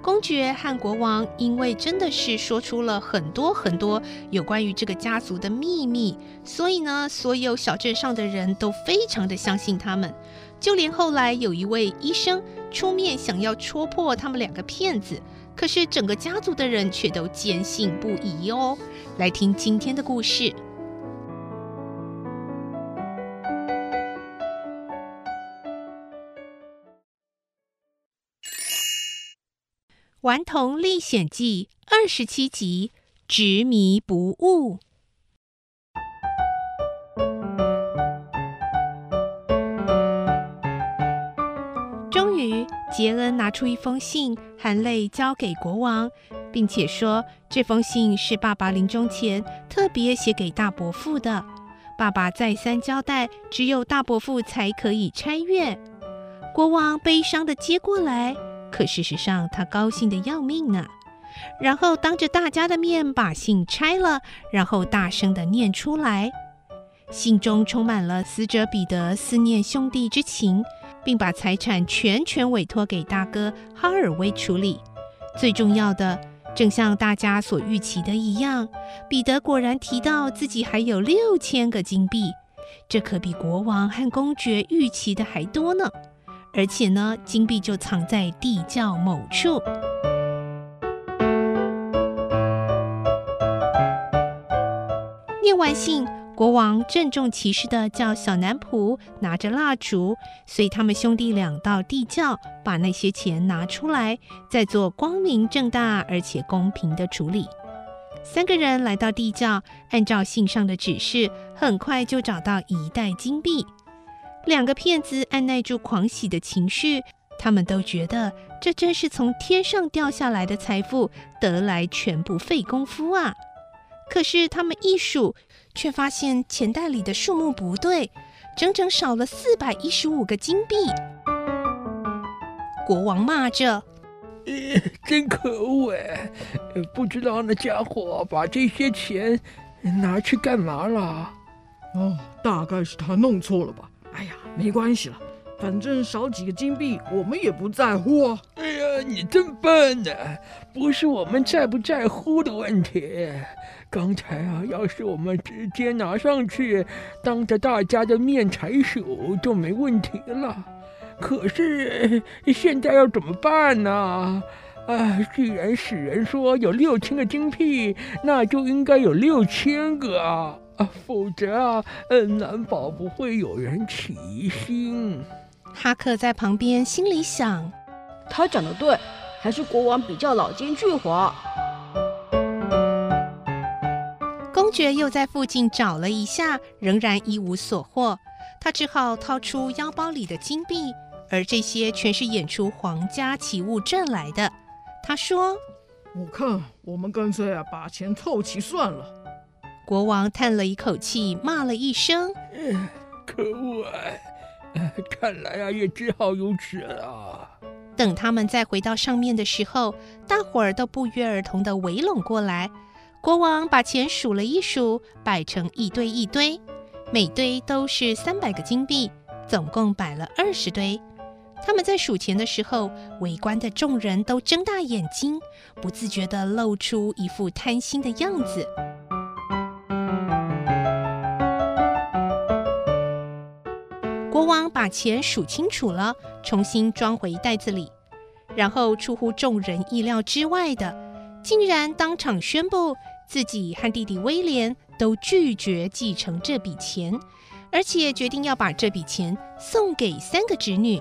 公爵和國王因為真的是說出了很多很多有關於這個家族的秘密，所以呢，所有小鎮上的人都非常的相信他們，就連後來有一位醫生出面想要戳破他們兩個騙子，可是整個家族的人卻都堅信不疑哦。來聽今天的故事。《頑童歷險記》二十七集《執迷不悟》。終於，傑恩拿出一封信，含淚交給國王，並且說：“這封信是爸爸臨終前特別寫給大伯父的。爸爸再三交代，只有大伯父才可以拆閱。”國王悲傷的接過來。可事實上，他高興得要命啊！然後當着大家的面把信拆了，然後大聲地念出來。信中充滿了死者彼得思念兄弟之情，並把財產全權委托給大哥哈爾威處理。最重要的，正像大家所預期的一樣，彼得果然提到自己還有六千個金幣，這可比國王和公爵預期的還多呢。而且呢，金幣就藏在地窖某處。念完信，國王鄭重其事的叫小男僕拿着蠟燭，隨他們兄弟倆到地窖，把那些錢拿出來，再做光明正大而且公平的處理。三個人來到地窖，按照信上的指示，很快就找到一袋金幣。兩個騙子按捺住狂喜的情緒，他們都覺得這真是從天上掉下來的財富，得來全不費工夫啊！可是他們一數，卻發現錢袋裡的數目不對，整整少了四百一十五個金幣。國王罵着：“誒，真可惡哎！不知道那家伙把這些錢拿去幹嘛了？哦，大概是他弄錯了吧。”沒關係了，反正少幾個金幣我們也不在乎啊。哎呀，你真笨呢啊？不是我們在不在乎的問題。剛才啊，要是我們直接拿上去，當着大家的面拆數就沒問題了。可是現在要怎麼辦呢啊？啊，既然死人說有六千個金幣，那就應該有六千個啊。啊，否則啊，嗯，難保不會有人起疑心。哈克在旁邊心裡想，他講得對，還是國王比較老奸巨猾。公爵又在附近找了一下，仍然一無所獲。他只好掏出腰包裡的金幣，而這些全是演出皇家奇物賺來的。他說：“我看我們乾脆啊，把錢湊齊算了。”國王嘆了一口氣，罵了一聲：“可惡啊！看來啊，也只好如此了。”等他們再回到上面的時候，大伙兒都不約而同地圍攏過來。國王把錢數了一數，擺成一堆一堆，每堆都是三百個金幣，總共擺了二十堆。他們在數錢的時候，圍觀的眾人都睜大眼睛，不自覺地露出一副貪心的樣子。國王把錢數清楚了，重新裝回袋子裡，然後出乎眾人意料之外的，竟然當場宣布自己和弟弟威廉都拒絕繼承這筆錢，而且決定要把這筆錢送給三個侄女。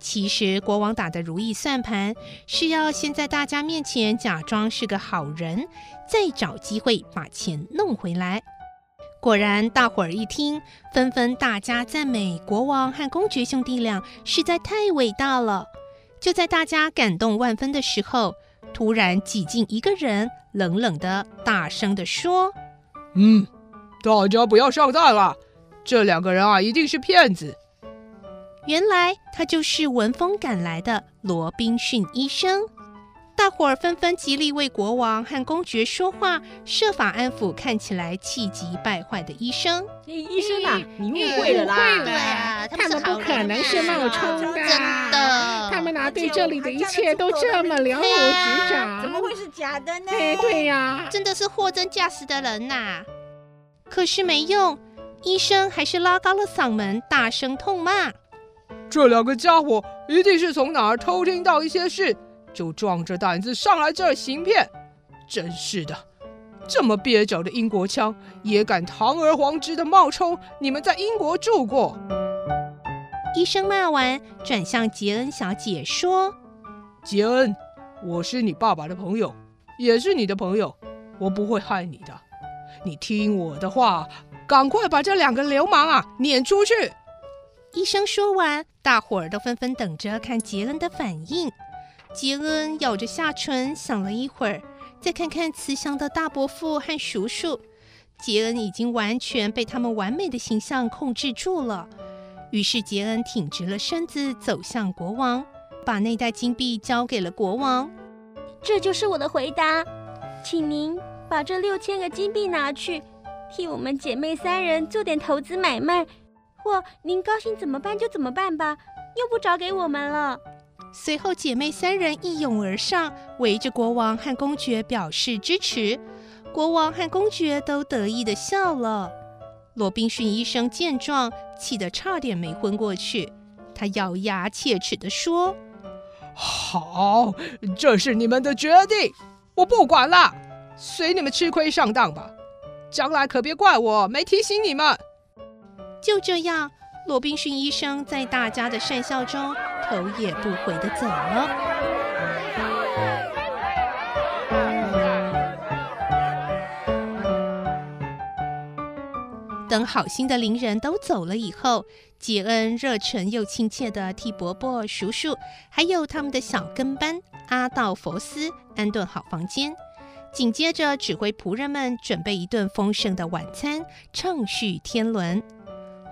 其實國王打的如意算盤是要先在大家面前假裝是個好人，再找機會把錢弄回來。果然，大夥兒一聽，紛紛大加讚美國王和公爵兄弟倆實在太偉大了。就在大家感動萬分的時候，突然擠進一個人，冷冷的大聲地說：“嗯，大家不要上當了，這兩個人啊，一定是騙子。”原來他就是聞風趕來的羅賓遜醫生。大夥兒紛紛極力為國王和公爵說話，設法安撫看起來氣急敗壞的醫生。哎、醫生吶、啊，哎、你誤會了，啦，他們不可能是冒充的、啊。真的，他們倆對這裡的一切都這麼了如指掌，怎麼會是假的呢？哎、對呀、啊，真的是貨真價實的人吶、啊。嗯、可是沒用，醫生還是拉高了嗓門，大聲痛罵：“這兩個家伙一定是從哪兒偷聽到一些事。”就壯着膽子上來這兒行騙，真是的！這麼蹩腳的英國腔也敢堂而皇之的冒充你們在英國住過。醫生罵完，轉向杰恩小姐說：“杰恩，我是你爸爸的朋友，也是你的朋友，我不會害你的。你聽我的話，趕快把這兩個流氓啊攆出去。”醫生說完，大夥兒都紛紛等着看杰恩的反應。傑恩咬着下唇，想了一會兒，再看看慈祥的大伯父和叔叔，傑恩已經完全被他們完美的形象控制住了。於是傑恩挺直了身子，走向國王，把那袋金幣交給了國王。這就是我的回答，請您把這六千個金幣拿去，替我們姐妹三人做點投資買賣，或您高興怎麼辦就怎麼辦吧，用不著給我們了。隨後，姐妹三人一擁而上，圍着國王和公爵表示支持。國王和公爵都得意地笑了。羅賓遜醫生見狀，氣得差點沒昏過去。他咬牙切齒地說：“好，這是你們的決定，我不管了，隨你們吃虧上當吧。將來可別怪我沒提醒你們。”就這樣。羅賓遜醫生在大家的訕笑中頭也不回的走了。等好心的鄰人都走了以後，杰恩熱誠又親切的替伯伯、叔叔還有他們的小跟班阿道佛斯安頓好房間，緊接着指揮僕人們準備一頓豐盛的晚餐，暢敘天倫。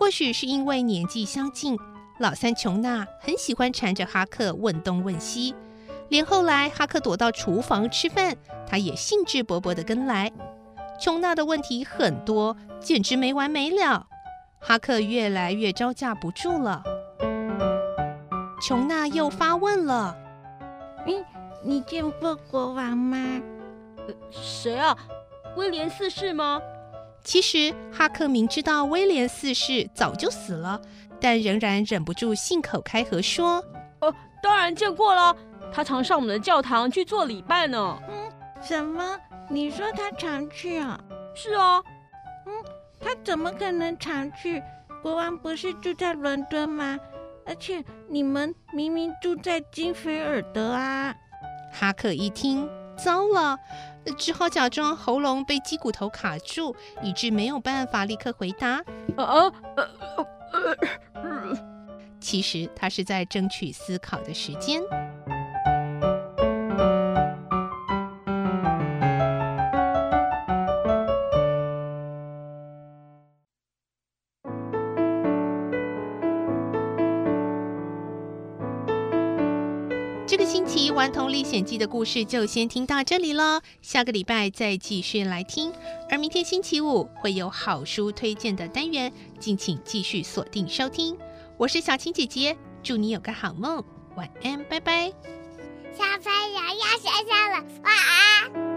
或許是因為年紀相近，老三瓊娜很喜歡纏着哈克問東問西，連後來哈克躲到廚房吃飯，他也興致勃勃地跟來。瓊娜的問題很多，簡直沒完沒了。哈克越來越招架不住了。瓊娜又發問了：“嗯，你見過國王嗎？誰啊？威廉四世嗎？”其實哈克明知道威廉四世早就死了，但仍然忍不住信口開河說：“哦，當然見過了，他常上我們的教堂去做禮拜呢。”“嗯，什麼？你說他常去啊？”“ 是啊。”“嗯，他怎麼可能常去？國王不是住在倫敦嗎？而且你們明明住在金菲爾德啊！”哈克一聽，糟了。只好假裝喉嚨被雞骨頭卡住，以致沒有辦法立刻回答。啊，呃、啊，呃、啊，呃、嗯，其實他是在爭取思考的時間。《頑童歷險記》的故事就先聽到這裡了，下個禮拜再繼續來聽。而明天星期五會有好書推薦的單元，敬請繼續鎖定收聽。我是小青姐姐，祝你有個好夢，晚安，拜拜。小朋友要睡覺了，晚安。